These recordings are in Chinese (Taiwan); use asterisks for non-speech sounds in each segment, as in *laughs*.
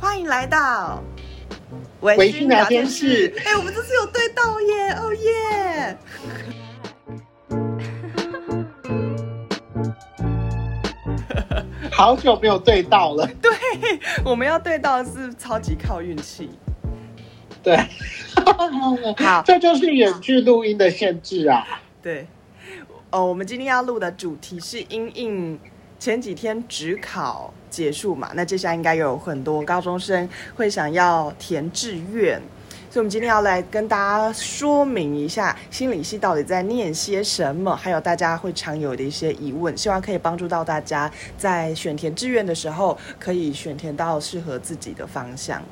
歡迎來到微醺聊天室。哎，我們這次有對到耶！哦 *laughs* 耶、oh, yeah！好久沒有對到了。對，我們要對到的是超級靠運氣。對，好 *laughs* *laughs* *laughs* 這就是遠距錄音的限制啊。對，哦，我們今天要錄的主題是因應。前幾天指考結束嘛，那接下來應該有很多高中生會想要填志願，所以我們今天要來跟大家說明一下心理系到底在念些什麼，還有大家會常有的一些疑問，希望可以幫助到大家在選填志願的時候可以選填到適合自己的方向。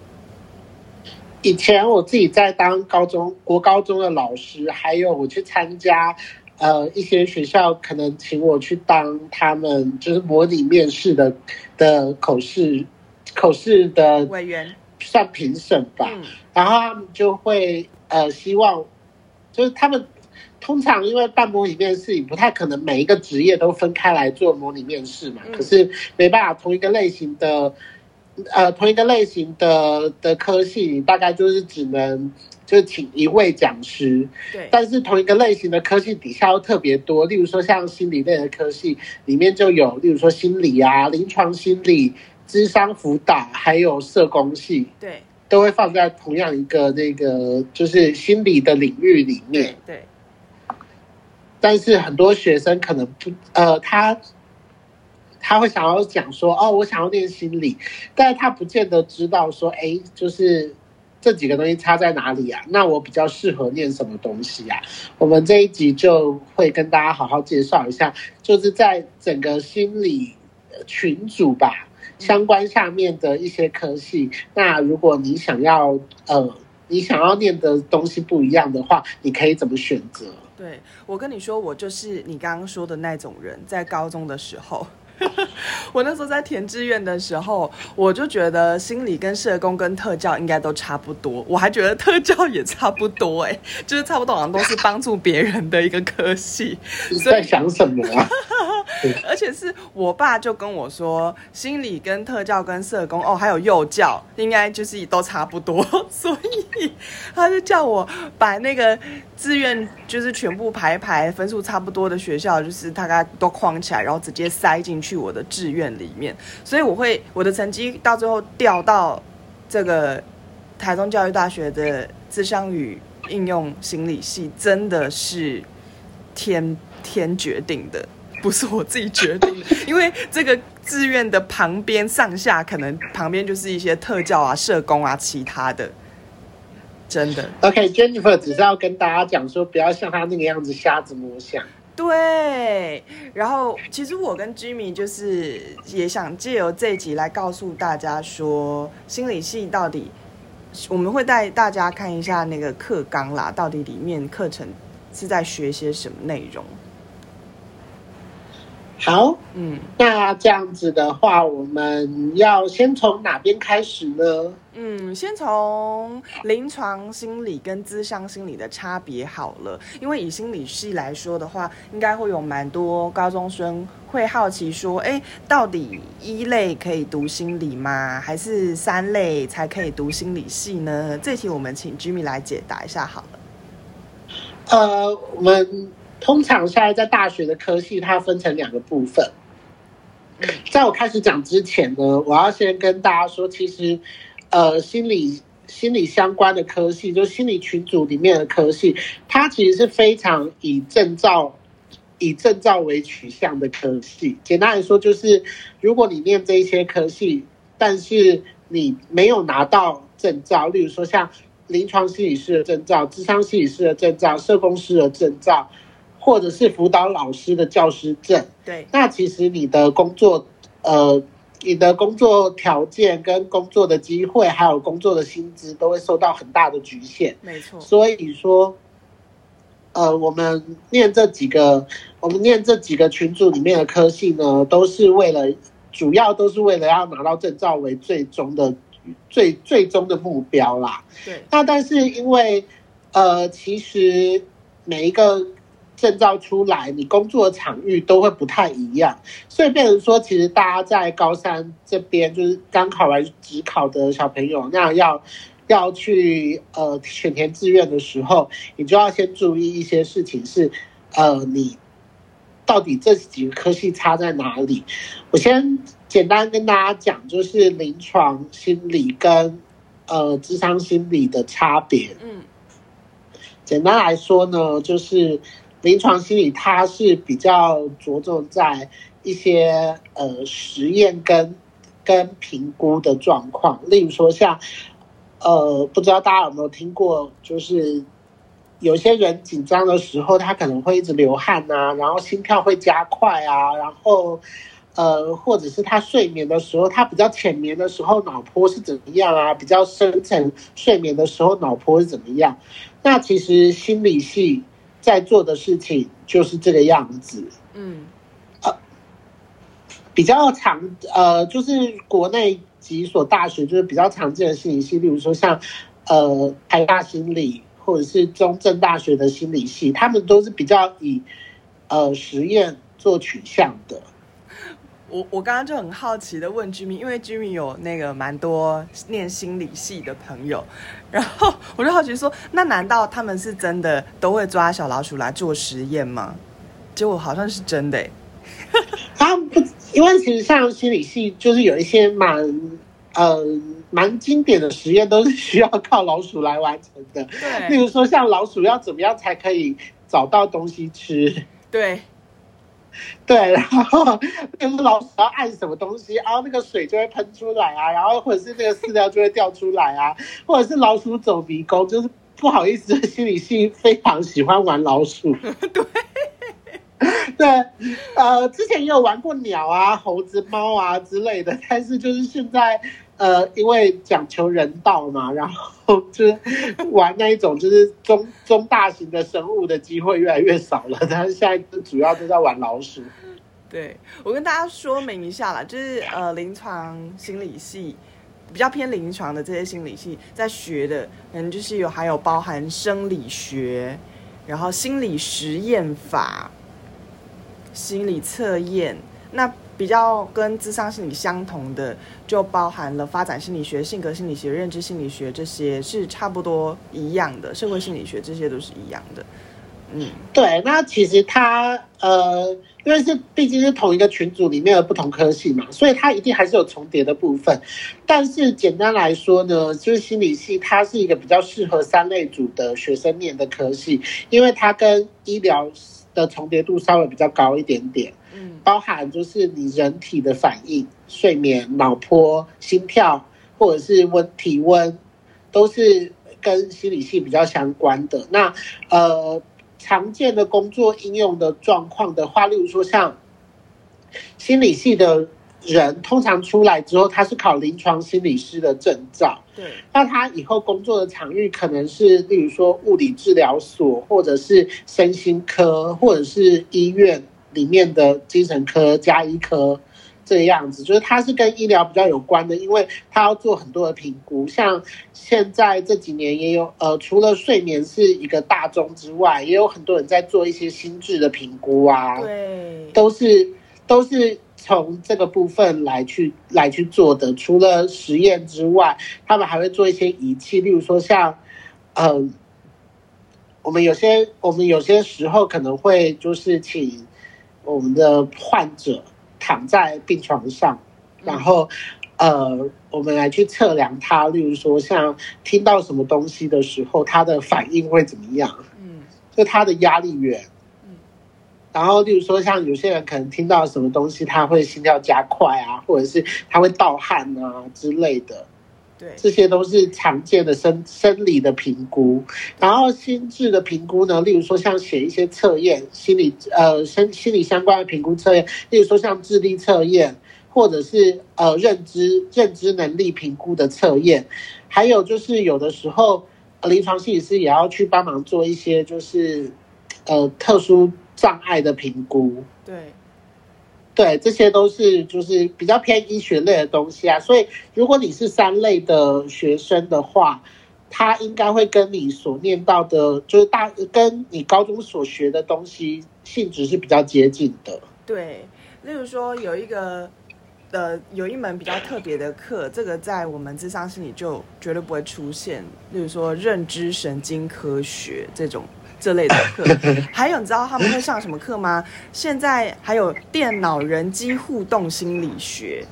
以前我自己在當高中，國高中的老師，還有我去參加。呃，一些學校可能請我去當他們就是模擬面試的的口試，口試的委員，算評審吧。嗯、然後他們就會呃，希望就是他們通常因為辦模擬面試，你不太可能每一個職業都分開來做模擬面試嘛。嗯、可是沒辦法，同一個類型的呃，同一個類型的的科系，你大概就是只能。就請一位講師，對。但是同一個類型的科系底下又特別多，例如說像心理類的科系裡面就有，例如說心理啊、臨床心理、諮商輔導，還有社工系，對，都會放在同樣一個那個就是心理的領域裡面。對。對。但是很多學生可能不，呃，他他會想要講說，哦，我想要念心理，但是他不見得知道說，哎、欸，就是。這幾個東西差在哪裡啊？那我比較適合念什麼東西啊？我們這一集就會跟大家好好介紹一下，就是在整個心理類群吧，相關下面的一些科系。那如果你想要呃，你想要念的東西不一樣的話，你可以怎麼選擇？對，我跟你說，我就是你剛剛說的那種人，在高中的時候。 *laughs* 我那時候在填志願的時候，我就覺得心理跟社工跟特教應該都差不多，我還覺得特教也差不多誒，就是差不多，好像都是幫助別人的一個科系。 *laughs* 你在想什麼啊？ *laughs* 而且是我爸就跟我說，心理跟特教跟社工哦，還有幼教，應該就是也都差不多，所以他就叫我把那個志願就是全部排排分數差不多的學校，就是大概都框起來，然後直接塞進去我的志願裡面。所以我會我的成績到最後掉到這個台中教育大學的諮商與應用心理系，真的是天天決定的。不是我自己決定，因為這個志願的旁邊上下可能旁邊就是一些特教啊、社工啊、其他的，真的。OK，Jennifer，okay, 只是要跟大家講說，不要像他那個樣子瞎子摸象。對，然後其實我跟 Jimmy 就是也想借由這一集來告訴大家說，心理系到底我們會帶大家看一下那個課綱啦，到底裡面課程是在學些什麼內容。好，嗯，那這樣子的話，我們要先從哪邊開始呢？嗯，先從臨床心理跟諮商心理的差別好了，因為以心理系來說的話，應該會有蠻多高中生會好奇說，哎、欸，到底一類可以讀心理嗎？還是三類才可以讀心理系呢？這題我們請 Jimmy 來解答一下好了。呃，我們。通常現在在大學的科系，它分成兩個部分。在我開始講之前呢，我要先跟大家說，其實，呃，心理心理相關的科系，就心理群組裡面的科系，它其實是非常以證照以證照為取向的科系。簡單來說，就是如果你念這一些科系，但是你沒有拿到證照，例如說像臨床心理師的證照、諮商心理師的證照、社工師的證照。或者是輔導老師的教師證，對，那其實你的工作，呃，你的工作條件、跟工作的機會，還有工作的薪資，都會受到很大的侷限。沒錯，所以說，呃，我們念這幾個，我們念這幾個群組裡面的科系呢，都是為了，主要都是為了要拿到證照為最終的最最終的目標啦。對，那但是因為，呃，其實每一個。證照出來，你工作的場域都會不太一樣，所以變成說，其實大家在高三這邊就是剛考完指考的小朋友，那要要去呃選填志願的時候，你就要先注意一些事情是，呃，你到底這幾個科系差在哪裡？我先簡單跟大家講，就是臨床心理跟呃諮商心理的差別。嗯，簡單來說呢，就是。臨床心理，它是比較着重在一些呃實驗跟跟評估的狀況，例如說像呃，不知道大家有沒有聽過，就是有些人緊張的時候，他可能會一直流汗啊，然後心跳會加快啊，然後呃，或者是他睡眠的時候，他比較淺眠的時候腦波是怎麼樣啊？比較深層睡眠的時候腦波是怎麼樣？那其實心理系。在做的事情就是這個樣子，嗯，呃，比較常呃，就是國內幾所大學，就是比較常見的心理系，例如說像呃台大心理，或者是中正大學的心理系，他們都是比較以呃實驗做取向的。我我剛剛就很好奇的問居民，因為居民有那個蠻多念心理系的朋友，然後我就好奇說，那難道他們是真的都會抓小老鼠來做實驗嗎？結果好像是真的，哈 *laughs* 哈、啊。他們不，因為其實像心理系，就是有一些蠻呃蠻經典的實驗，都是需要靠老鼠來完成的。對，例如說像老鼠要怎麼樣才可以找到東西吃？對。對，然後跟、就是、老鼠要按什麼東西，然後那個水就會噴出來啊，然後或者是那個飼料就會掉出來啊，或者是老鼠走迷宮，就是不好意思，心理系非常喜歡玩老鼠。 *laughs* 對，對，呃，之前也有玩過鳥啊、猴子、貓啊之類的，但是就是現在。呃，因為講求人道嘛，然後就是玩那一種，就是中 *laughs* 中大型的生物的機會越來越少了。但是現在就主要都在玩老鼠。對，我跟大家說明一下啦，就是呃，臨床心理系比較偏臨床的這些心理系，在學的可能就是有還有包含生理學，然後心理實驗法、心理測驗那。比較跟諮商心理相同的，就包含了發展心理學、性格心理學、認知心理學，這些是差不多一樣的，社會心理學這些都是一樣的。嗯，嗯對。那其實它呃，因為是畢竟是同一個群組裡面的不同科系嘛，所以它一定還是有重疊的部分。但是簡單來說呢，就是心理系它是一個比較適合三類組的學生念的科系，因為它跟醫療的重疊度稍微比較高一點點。嗯，包含就是你人體的反應、睡眠、腦波、心跳，或者是溫體溫，都是跟心理系比較相關的。那呃，常見的工作應用的狀況的話，例如說像心理系的人，通常出來之後，他是考臨床心理師的證照。對，那他以後工作的場域可能是，例如說物理治療所，或者是身心科，或者是醫院，裡面的精神科加醫科這個樣子，就是它是跟醫療比較有關的，因為它要做很多的評估。像現在這幾年也有，呃，除了睡眠是一個大宗之外，也有很多人在做一些心智的評估啊。對，都是都是從這個部分來去來去做的。除了實驗之外，他們還會做一些儀器，例如說像嗯、呃，我們有些我們有些時候可能會就是請。我們的患者躺在病床上，然後，呃，我們來去測量他，例如說像聽到什麼東西的時候，他的反應會怎麼樣？嗯，就他的壓力源。嗯，然後，例如說像有些人可能聽到什麼東西，他會心跳加快啊，或者是他會盜汗啊之類的。對，這些都是常見的生生理的評估，然後心智的評估呢，例如說像寫一些測驗，心理呃，生，心理相關的評估測驗，例如說像智力測驗，或者是呃認知認知能力評估的測驗，還有就是有的時候、呃、臨床心理師也要去幫忙做一些就是、呃、特殊障礙的評估。對。對，這些都是就是比較偏醫學類的東西啊，所以如果你是三類的學生的話，他應該會跟你所念到的，就是大跟你高中所學的東西性質是比較接近的。對，例如說有一個呃，有一門比較特別的課， *coughs* 這個在我們諮商心理就絕對不會出現，例如說認知神經科學這種。這類的課，還有你知道他們會上什麼課嗎？現在還有電腦人機互動心理學，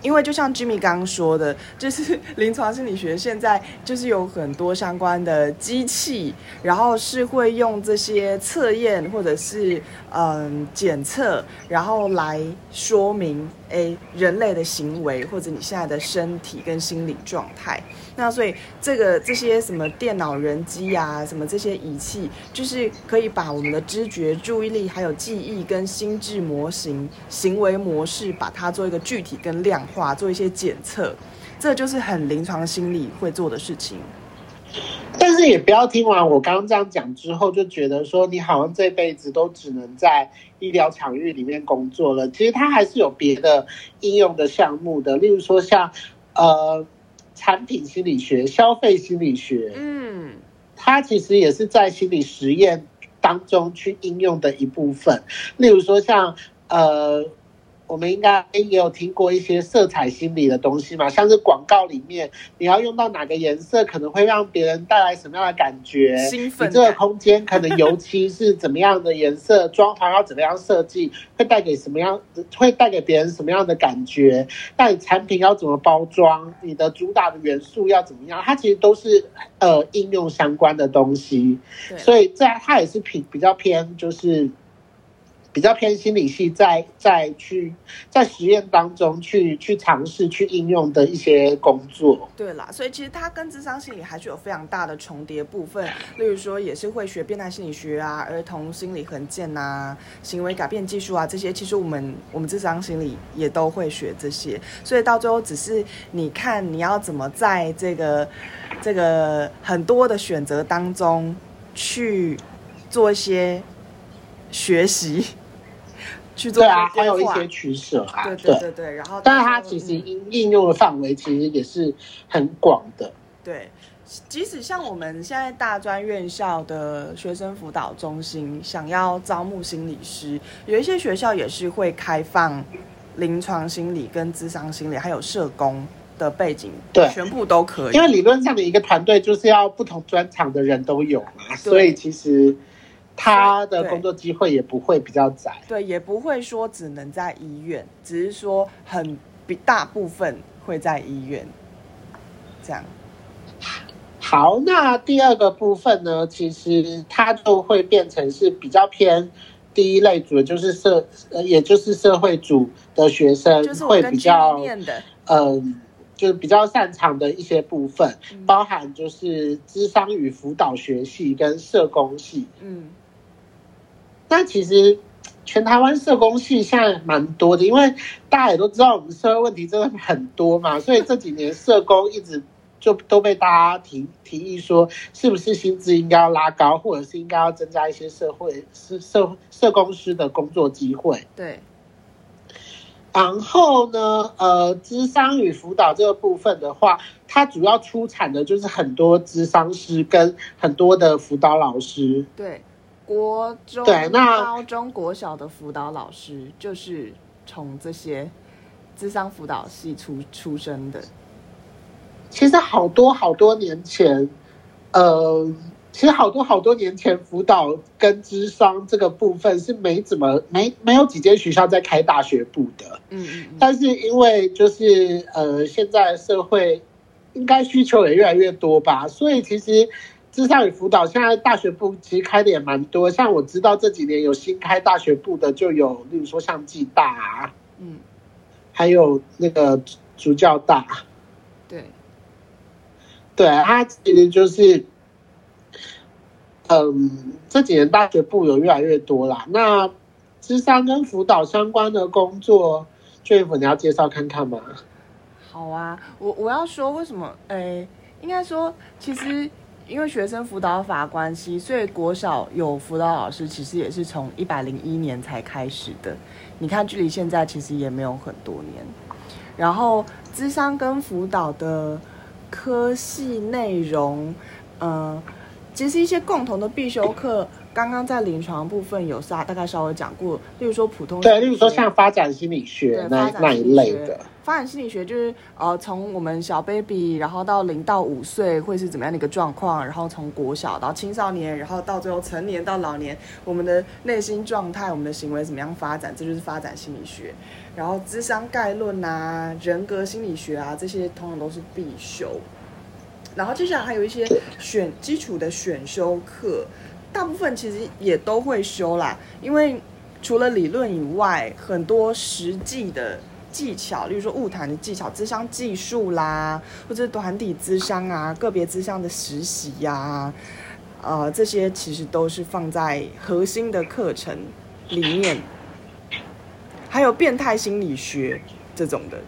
因為就像 Jimmy 剛剛說的，就是臨床心理學現在就是有很多相關的機器，然後是會用這些測驗或者是嗯檢測，然後來說明。誒，人類的行為或者你現在的身體跟心理狀態，那所以這個這些什麼電腦人機啊，什麼這些儀器，就是可以把我們的知覺、注意力，還有記憶跟心智模型、行為模式，把它做一個具體跟量化，做一些檢測，這就是很臨床心理會做的事情。但是也不要聽完我剛剛這樣講之後就覺得說，你好像這輩子都只能在醫療場域裡面工作了。其實它還是有別的應用的項目的，例如說像呃產品心理學、消費心理學，嗯，它其實也是在心理實驗當中去應用的一部分。例如說像呃。我們應該也有聽過一些色彩心理的東西嘛，像是廣告裡面，你要用到哪個顏色，可能會讓別人帶來什麼樣的感覺？啊、你這個空間可能油漆是怎麼樣的顏色，裝 *laughs* 潢要怎麼樣設計，會帶給什麼樣，會帶給別人什麼樣的感覺？但你產品要怎麼包裝？你的主打的元素要怎麼樣？它其實都是呃應用相關的東西，所以這它也是比比較偏就是。比較偏心理系在，在在去在實驗當中去去嘗試去應用的一些工作，對啦，所以其實它跟諮商心理還是有非常大的重疊部分。例如說，也是會學變態心理學啊、兒童心理衡鑑吶、啊、行為改變技術啊這些，其實我們我們諮商心理也都會學這些。所以到最後，只是你看你要怎麼在這個這個很多的選擇當中去做一些學習。去做對啊，還有一些取捨啊。對對對，對，對，然後、就是。但是它其實應應用的範圍其實也是很廣的。對，即使像我們現在大專院校的學生輔導中心想要招募心理師，有一些學校也是會開放臨床心理、跟諮商心理還有社工的背景，對，全部都可以。因為理論上的一個團隊就是要不同專長的人都有嘛，所以其實。他的工作機會也不會比較窄，對，對，也不會說只能在醫院，只是說很大部分會在醫院。這樣，好，那第二個部分呢，其實他就會變成是比較偏第一類組，就是社，呃、也就是社會組的學生會比較，嗯、就是呃，就是比較擅長的一些部分，嗯、包含就是諮商與輔導學系跟社工系，嗯。那其實全台灣社工系現在蠻多的，因為大家也都知道我們社會問題真的很多嘛，所以這幾年社工一直就都被大家提提議說，是不是薪資應該要拉高，或者是應該要增加一些社會是社社工師的工作機會？對。然後呢，呃，諮商與輔導這個部分的話，它主要出產的就是很多諮商師跟很多的輔導老師。對。國中，對，那高中國小的輔導老師，就是從這些諮商輔導系出出生的。其實好多好多年前，呃，其實好多好多年前，輔導跟諮商這個部分是沒怎麼沒沒有幾間學校在開大學部的。嗯，嗯，嗯，但是因為就是呃，現在社會應該需求也越來越多吧，所以其實。諮商與輔導現在大學部其實開的也蠻多，像我知道這幾年有新開大學部的，就有，例如說像暨大啊，啊、嗯，還有那個主教大，對，對，它其實就是，嗯，這幾年大學部有越來越多啦。那諮商跟輔導相關的工作，這一部你要介紹看看嗎？好啊，我我要說為什麼？誒、欸，應該說其實。因為學生輔導法關係，所以國小有輔導老師，其實也是從一百零一年才開始的。你看，距離現在其實也沒有很多年。然後，諮商跟輔導的科系內容，嗯、呃，其實一些共同的必修課，剛剛在臨床部分有稍大概稍微講過，例如說普通，對，例如說像發展心理學那，那一類的。發展心理學就是呃，從我們小 baby，然後到零到五歲會是怎麼樣的一個狀況，然後從國小到青少年，然後到最後成年到老年，我們的內心狀態、我們的行為怎麼樣發展，這就是發展心理學。然後諮商概論啊、人格心理學啊這些通常都是必修，然後接下來還有一些選基礎的選修課，大部分其實也都會修啦，因為除了理論以外，很多實際的。技巧，例如說晤談的技巧、諮商技術啦，或者團體諮商啊、個別諮商的實習呀、啊，呃，這些其實都是放在核心的課程裡面。還有變態心理學這種的，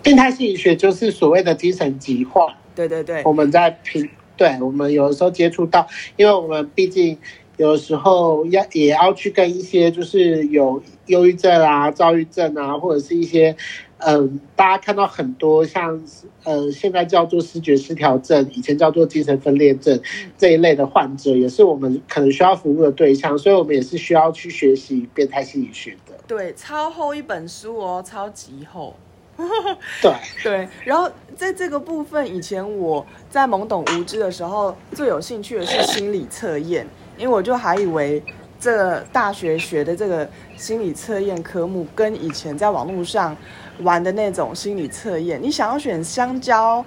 變態心理學就是所謂的精神極化。 *laughs* 對對對，我們在平，對我們有的時候接觸到，因為我們畢竟。有的時候要也要去跟一些就是有憂鬱症啊、躁鬱症啊，或者是一些，嗯、呃，大家看到很多像，呃，現在叫做思覺失調症，以前叫做精神分裂症這一類的患者，也是我們可能需要服務的對象，所以我們也是需要去學習變態心理學的。對，超厚一本書哦，超級厚。 *laughs* 對對，然後在這個部分，以前我在懵懂無知的時候，最有興趣的是心理測驗。因為我就還以為，這大學學的這個心理測驗科目，跟以前在網絡上玩的那種心理測驗，你想要選香蕉、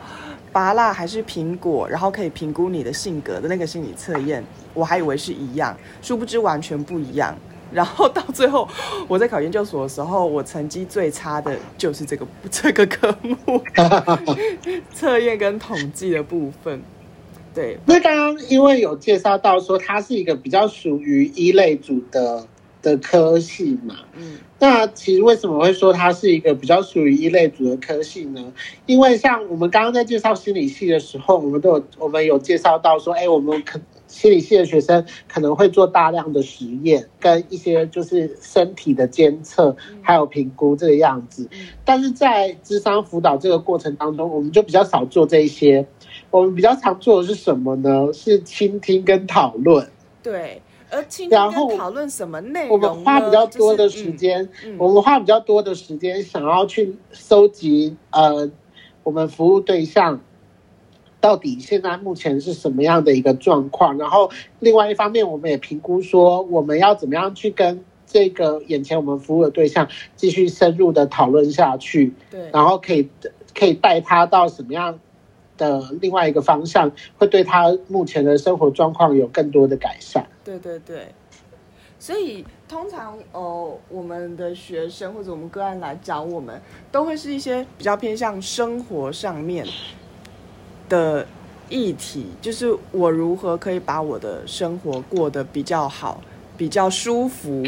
芭樂還是蘋果，然後可以評估你的性格的那個心理測驗，我還以為是一樣，殊不知完全不一樣。然後到最後，我在考研究所的時候，我成績最差的就是這個這個科目， *laughs* 測驗跟統計的部分。對，那剛剛因為有介紹到說它是一個比較屬於一類組的的科系嘛，嗯，那其實為什麼會說它是一個比較屬於一類組的科系呢？因為像我們剛剛在介紹心理系的時候，我們都有我們有介紹到說，哎，我們可心理系的學生可能會做大量的實驗，跟一些就是身體的監測還有評估這個樣子，但是在諮商輔導這個過程當中，我們就比較少做這一些。我們比較常做的是什麼呢？是傾聽跟討論。對，而然後討論什麼內容呢？就是嗯嗯。我們花比較多的時間，我們花比較多的時間，想要去收集呃，我們服務對象到底現在目前是什麼樣的一個狀況。然後另外一方面，我們也評估說我們要怎麼樣去跟這個眼前我們服務的對象繼續深入的討論下去。對，然後可以可以帶他到什麼樣？呃，另外一個方向會對他目前的生活狀況有更多的改善。對對對，所以通常哦，我們的學生或者我們個案來找我們，都會是一些比較偏向生活上面的議題，就是我如何可以把我的生活過得比較好、比較舒服，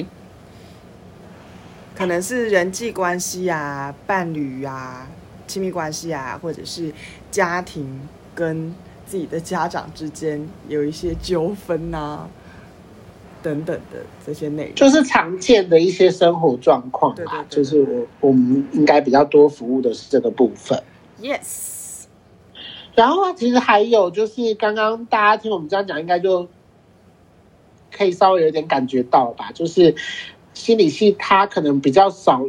可能是人際關係啊、伴侶啊。親密關係啊，或者是家庭跟自己的家長之間有一些糾紛吶、啊，等等的這些內容，就是常見的一些生活狀況啊。對對，就是我我們應該比較多服務的是這個部分。Yes。然後其實還有就是剛剛大家聽我們這樣講，應該就可以稍微有點感覺到吧，就是心理系它可能比較少。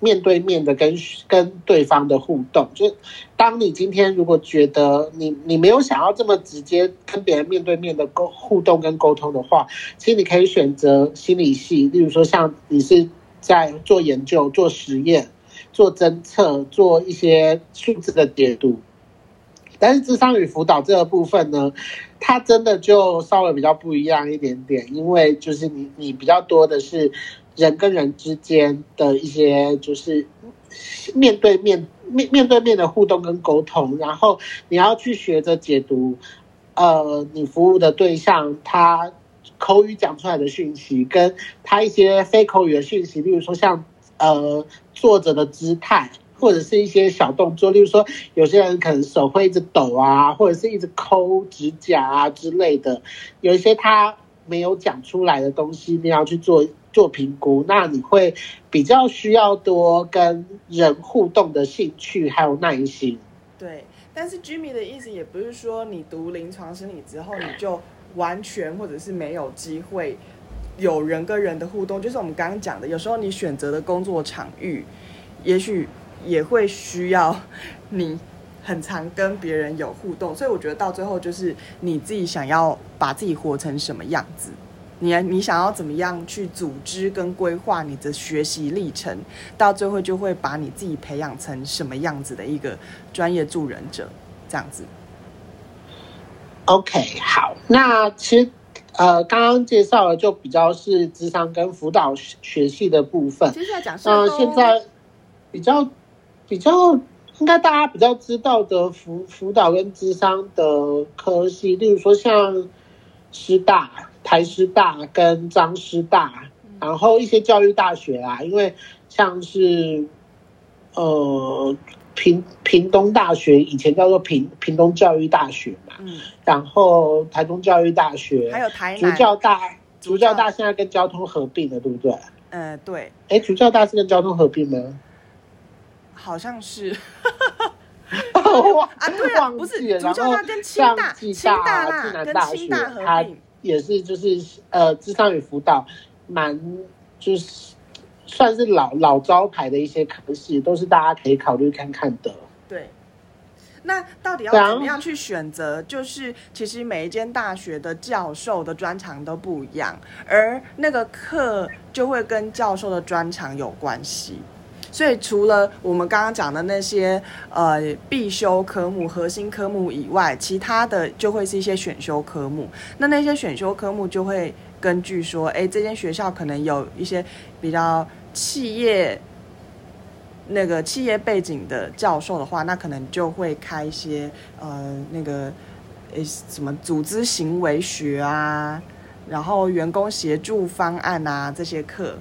面對面的跟跟對方的互動，就當你今天如果覺得你你沒有想要這麼直接跟別人面對面的溝互動跟溝通的話，其實你可以選擇心理系，例如說像你是在做研究、做實驗、做偵測、做一些數字的解讀，但是諮商與輔導這個部分呢，它真的就稍微比較不一樣一點點，因為就是你你比較多的是。人跟人之間的一些就是面對面、面面對面的互動跟溝通，然後你要去學着解讀，呃，你服務的對象他口語講出來的訊息，跟他一些非口語的訊息，例如說像呃坐着的姿態，或者是一些小動作，例如說有些人可能手會一直抖啊，或者是一直摳指甲啊之類的，有一些他沒有講出來的東西，你要去做。做評估，那你會比較需要多跟人互動的興趣，還有耐心。對，但是 Jimmy 的意思也不是說你讀臨床心理之後你就完全或者是沒有機會有人跟人的互動，就是我們剛剛講的，有時候你選擇的工作場域，也許也會需要你很常跟別人有互動。所以我覺得到最後就是你自己想要把自己活成什麼樣子。你你想要怎麼樣去組織跟規劃你的學習歷程，到最後就會把你自己培養成什麼樣子的一個專業助人者這樣子。OK，好，那其實呃剛剛介紹的就比較是諮商跟輔導學系的部分。接下來講，呃，現在比較比較,比較應該大家比較知道的輔輔導跟諮商的科系，例如說像師大。台師大跟彰師大、嗯，然後一些教育大學啦、啊，因為像是，呃，屏屏東大學以前叫做屏屏東教育大學嘛，嗯、然後台東教育大學，還有台南竹教大竹教，竹教大現在跟交通合併了，對不對？呃對。哎，竹教大是跟交通合併嗎？好像是。 *laughs* 哦、哇啊，對啊，不是竹教大跟清大、大、大南大、清大合併。也是，就是呃，諮商與輔導，蠻就是算是老老招牌的一些科系，都是大家可以考慮看看的。對，那到底要怎麼樣去選擇？就是其實每一間大學的教授的專長都不一樣，而那個課就會跟教授的專長有關係。所以，除了我們剛剛講的那些呃必修科目、核心科目以外，其他的就會是一些選修科目。那那些選修科目就會根據說，哎，這間學校可能有一些比較企業那個企業背景的教授的話，那可能就會開一些呃那個誒什麼組織行為學啊，然後員工協助方案啊這些課。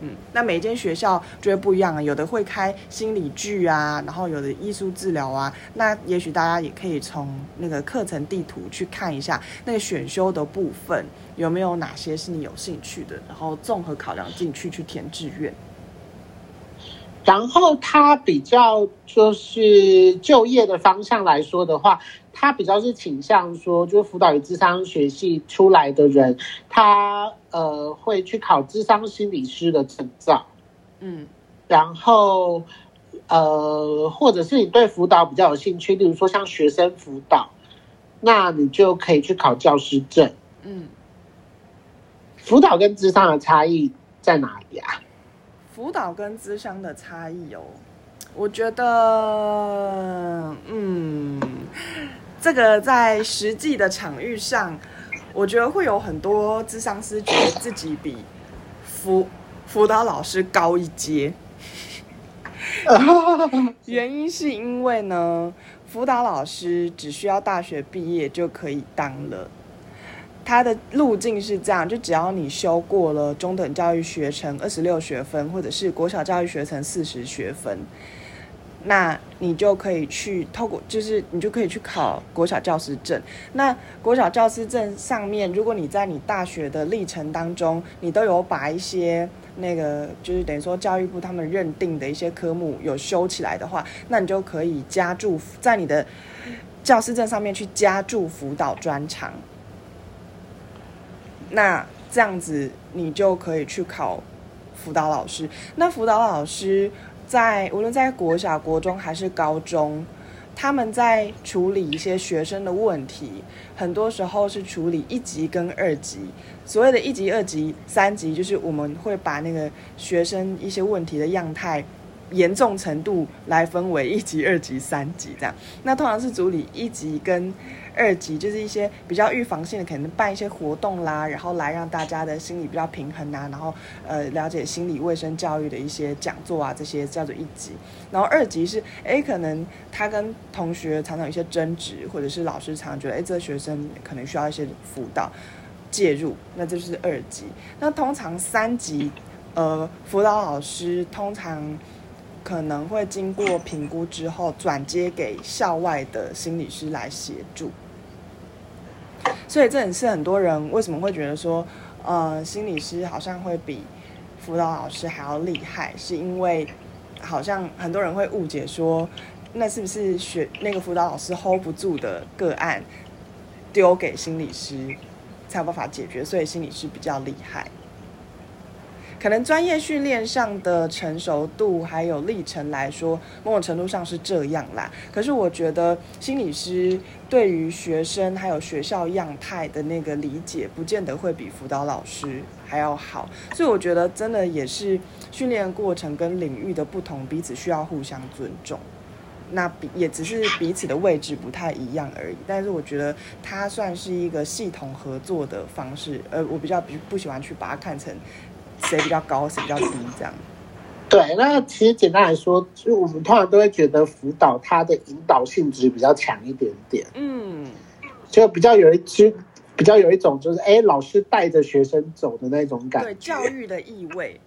嗯，那每間學校就會不一樣，有的會開心理劇啊，然後有的藝術治療啊。那也許大家也可以從那個課程地圖去看一下，那個選修的部分有沒有哪些是你有興趣的，然後綜合考量進去去填志願。然後它比較就是就業的方向來說的話。他比較是傾向說，就是輔導與諮商學系出來的人，他呃會去考諮商心理師的證照，嗯，然後呃或者是你對輔導比較有興趣，例如說像學生輔導，那你就可以去考教師證，嗯。輔導跟諮商的差異在哪裡啊？輔導跟諮商的差異哦，我覺得嗯。這個在實際的場域上，我覺得會有很多諮商師覺得自己比輔輔導老師高一階。 *laughs* 原因是因為呢，輔導老師只需要大學畢業就可以當了，他的路徑是這樣，就只要你修過了中等教育學程二十六學分，或者是國小教育學程四十學分。那你就可以去透過，就是你就可以去考國小教師證。那國小教師證上面，如果你在你大學的歷程當中，你都有把一些那個，就是等於說教育部他們認定的一些科目有修起來的話，那你就可以加注在你的教師證上面去加注輔導專長。那這樣子，你就可以去考輔導老師。那輔導老師。在無論在國小、國中還是高中，他們在處理一些學生的問題，很多時候是處理一級跟二級。所謂的一級、二級、三級，就是我們會把那個學生一些問題的樣態。嚴重程度來分為一級、二級、三級這樣。那通常是組裡一級跟二級，就是一些比較預防性的，可能辦一些活動啦，然後來讓大家的心理比較平衡啊，然後呃了解心理衛生教育的一些講座啊，這些叫做一級。然後二級是，欸，可能他跟同學常常有一些爭執，或者是老師常常覺得，欸，這個學生可能需要一些輔導介入，那就是二級。那通常三級，呃，輔導老師通常。可能會經過評估之後，轉接給校外的心理師來協助。所以這也是很多人為什麼會覺得說，呃，心理師好像會比輔導老師還要厲害，是因為好像很多人會誤解說，那是不是學那個輔導老師 hold 不住的個案，丟給心理師才有辦法解決，所以心理師比較厲害。可能專業訓練上的成熟度還有歷程來說，某種程度上是這樣啦。可是我覺得心理師對於學生還有學校樣態的那個理解，不見得會比輔導老師還要好。所以我覺得真的也是訓練過程跟領域的不同，彼此需要互相尊重。那比也只是彼此的位置不太一樣而已。但是我覺得它算是一個系統合作的方式，呃，我比較比不喜歡去把它看成，誰比較高，誰比較低？這樣對。那其實簡單來說，就我們通常都會覺得輔導它的引導性質比較強一點點，嗯，就比較有一就比較有一種就是哎，老師帶着學生走的那種感覺。對教育的意味。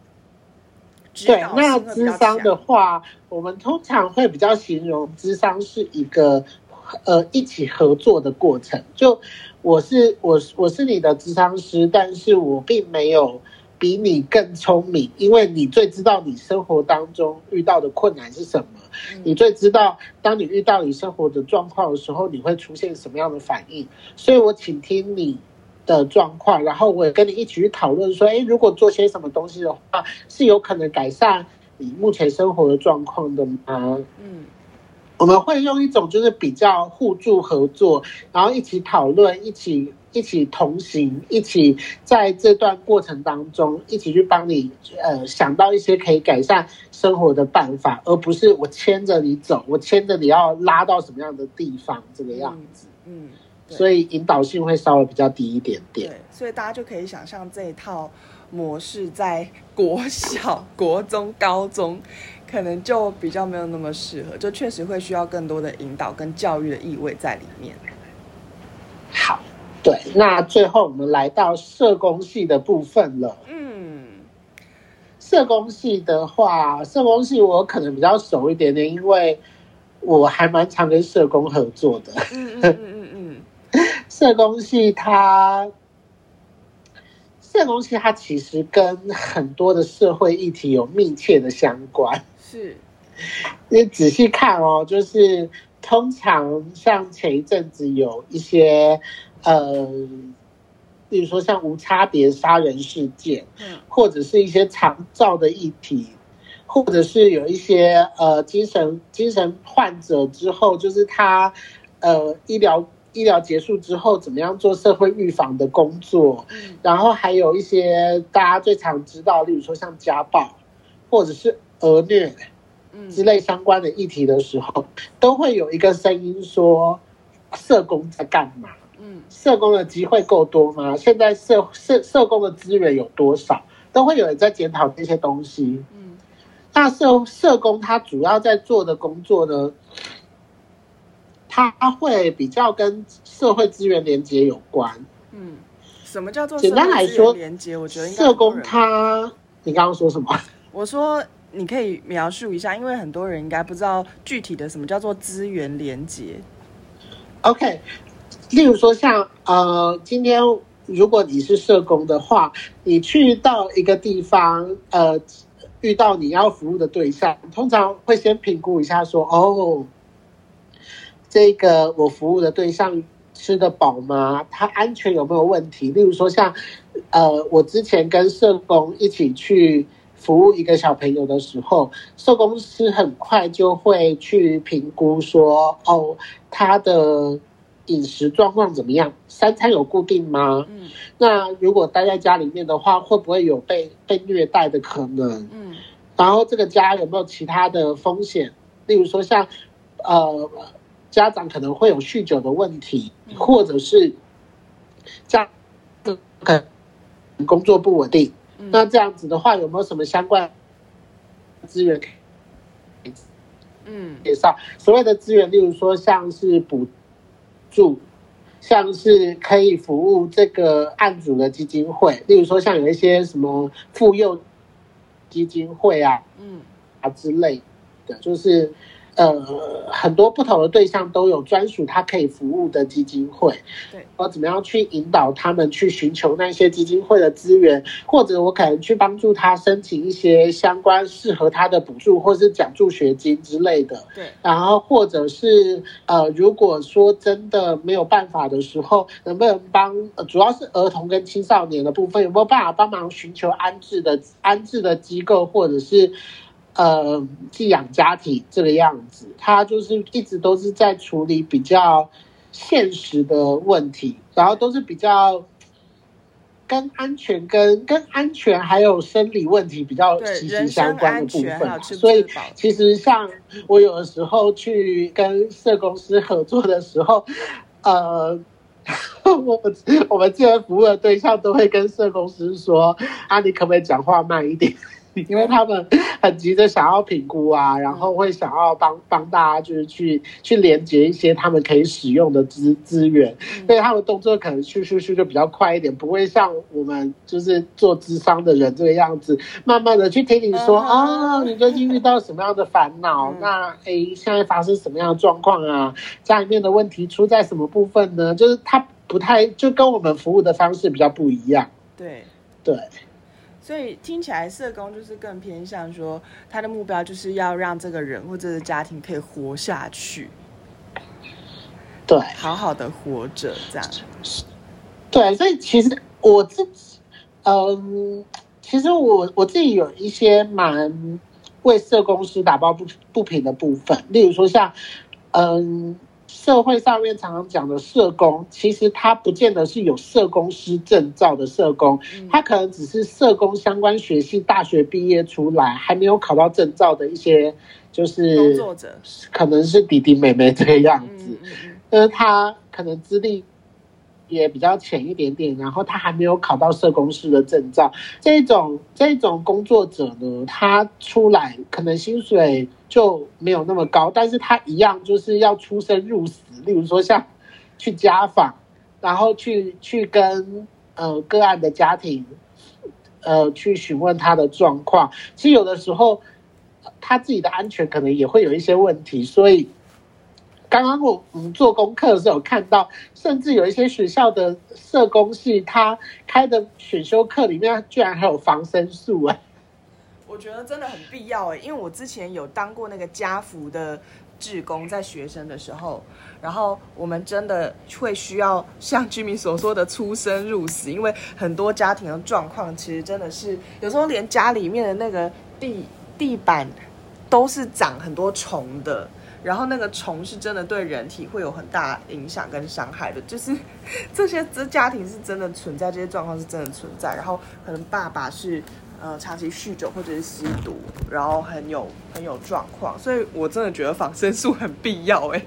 對，那諮商的話，我們通常會比較形容諮商是一個呃一起合作的過程。就我是我我是你的諮商師，但是我並沒有。比你更聰明，因為你最知道你生活當中遇到的困難是什麼，嗯，你最知道當你遇到你生活的狀況的時候，你會出現什麼樣的反應。所以，我傾聽你的狀況，然後我也跟你一起去討論說，誒，如果做些什麼東西的話，是有可能改善你目前生活的狀況的嗎？嗯，我們會用一種就是比較互助合作，然後一起討論，一起。一起同行，一起在這段過程當中，一起去幫你呃想到一些可以改善生活的辦法，而不是我牽着你走，我牽着你要拉到什麼樣的地方，這個樣子。嗯，嗯，所以引導性會稍微比較低一點點。對，所以大家就可以想象這一套模式在國小、國中、高中，可能就比較沒有那麼適合，就確實會需要更多的引導跟教育的意味在裡面。好。對，那最後我們來到社工系的部分了。嗯，社工系的話，社工系我可能比較熟一點點，因為我還蠻常跟社工合作的。嗯嗯嗯社工系它，社工系它其實跟很多的社會議題有密切的相關。是，你仔細看哦，就是通常像前一陣子有一些。呃，比如說像無差別殺人事件，嗯，或者是一些長照的議題，或者是有一些呃精神精神患者之後，就是他呃醫療醫療結束之後，怎麼樣做社會預防的工作，然後還有一些大家最常知道，例如說像家暴或者是兒虐，之類相關的議題的時候，嗯，都會有一個聲音說，社工在幹嘛？社工的機會夠多嗎？現在社社社工的資源有多少？都會有人在檢討這些東西。嗯，那社社工他主要在做的工作呢？他會比較跟社會資源連接有關。嗯，什麼叫做簡單來說連接？我覺得應該社工他，你剛剛說什麼？我說你可以描述一下，因為很多人應該不知道具體的什麼叫做資源連接。OK。例如說像，像呃，今天如果你是社工的話，你去到一個地方，呃，遇到你要服務的對象，通常會先評估一下說，說哦，這個我服務的對象吃得飽嗎？他安全有沒有問題？例如說像，像呃，我之前跟社工一起去服務一個小朋友的時候，社工師很快就會去評估說，哦，他的。飲食狀況怎麼樣？三餐有固定嗎？嗯，那如果待在家裡面的話，會不會有被被虐待的可能？嗯，然後這個家有沒有其他的風險？例如說像呃，家長可能會有酗酒的問題，嗯、或者是家長可能工作不穩定、嗯。那這樣子的話，有沒有什麼相關資源可以？嗯，介紹所謂的資源，例如說像是補。住像是可以服務這個案主的基金會，例如說像有一些什麼婦幼基金會啊，嗯啊之類的，就是。呃，很多不同的對象都有專屬他可以服務的基金會，對，我怎麼樣去引導他們去尋求那些基金會的資源，或者我可能去幫助他申請一些相關適合他的補助，或是獎助學金之類的，對。然後或者是呃，如果說真的沒有辦法的時候，能不能幫、呃，主要是兒童跟青少年的部分，有沒有辦法幫忙尋求安置的安置的機構，或者是，呃，寄養家庭這個樣子，他就是一直都是在處理比較現實的問題，然後都是比較跟安全跟、跟跟安全還有生理問題比較息息相關的部分。所以，其實像我有的時候去跟社工師合作的時候，呃，我我們寄養服務的對象都會跟社工師說：“啊，你可不可以講話慢一點？” *laughs* 因為他們很急着想要評估啊，然後會想要幫幫大家，就是去去連接一些他們可以使用的資資源，嗯，所以他們的動作可能咻咻咻就比較快一點，不會像我們就是做諮商的人這個樣子，慢慢的去聽你說啊，呃哦，你最近遇到什麼樣的煩惱？嗯、那欸現在發生什麼樣的狀況啊？家裡面的問題出在什麼部分呢？就是他不太就跟我們服務的方式比較不一樣。對對。所以聽起來，社工就是更偏向說，他的目標就是要讓這個人或者這個家庭可以活下去，對，好好的活着這樣。對，所以其實我自己，嗯，其實我我自己有一些蠻為社工師打抱不不平的部分，例如說像，嗯。社會上面常常講的社工，其實他不見得是有社工師證照的社工，他可能只是社工相關學系大學畢業出來，還沒有考到證照的一些就是工作者，可能是弟弟妹妹這個樣子，嗯嗯嗯、他可能資歷也比較淺一點點，然後他還沒有考到社工師的證照，這種這種工作者呢，他出來可能薪水。就沒有那麼高，但是他一樣就是要出生入死。例如說，像去家訪，然後去去跟呃個案的家庭，呃去詢問他的狀況。其實有的時候，他自己的安全可能也會有一些問題。所以，剛剛我我們做功課的時候有看到，甚至有一些學校的社工系，他開的選修課裡面居然還有防身術誒。我覺得真的很必要誒，因為我之前有當過那個家扶的志工，在學生的時候，然後我們真的會需要像居民所說的出生入死，因為很多家庭的狀況其實真的是有時候連家裡面的那個地地板都是長很多蟲的，然後那個蟲是真的對人體會有很大影響跟傷害的，就是這些這家庭是真的存在，這些狀況是真的存在，然後可能爸爸是。呃，長期酗酒，或者是吸毒，然後很有很有狀況，所以我真的覺得防身術很必要哎、欸。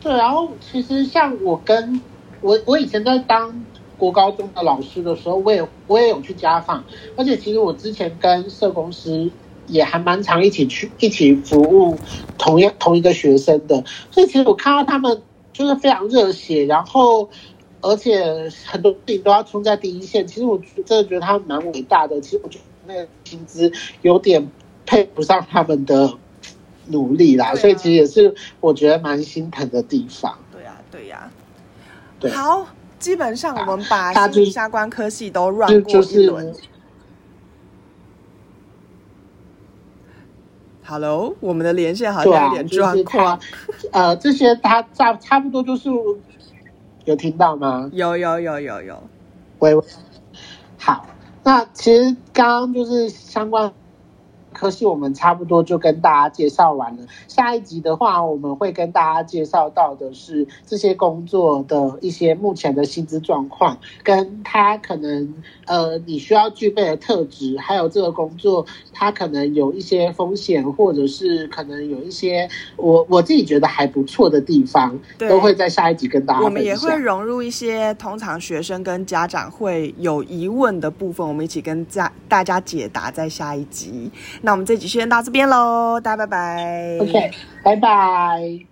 對，然後其實像我跟我我以前在當國高中的老師的時候，我也我也有去家訪，而且其實我之前跟社工師也還蠻常一起去一起服務同一同一個學生的，所以其實我看到他們就是非常熱血，然後。而且很多事情都要衝在第一線，其實我真的覺得他們蠻偉大的。其實我覺得那個薪資有點配不上他們的努力啦、啊，所以其實也是我覺得蠻心疼的地方。對呀、啊，對呀、啊，對。好，基本上我們把相關科系都 run 過一輪，就是。Hello，我們的連線好像有點狀況，啊就是。呃，這些他差差不多就是、嗯。有聽到嗎？有有有有有，喂喂，好。那其實剛剛就是相關。科系我們差不多就跟大家介紹完了。下一集的話，我們會跟大家介紹到的是這些工作的一些目前的薪資狀況，跟他可能呃你需要具備的特質，還有這個工作他可能有一些風險，或者是可能有一些我我自己覺得還不錯的地方，都會在下一集跟大家。我們也會融入一些通常學生跟家長會有疑問的部分，我們一起跟大家解答在下一集。那我們這期先到這邊嘍，大家拜拜。OK，拜拜。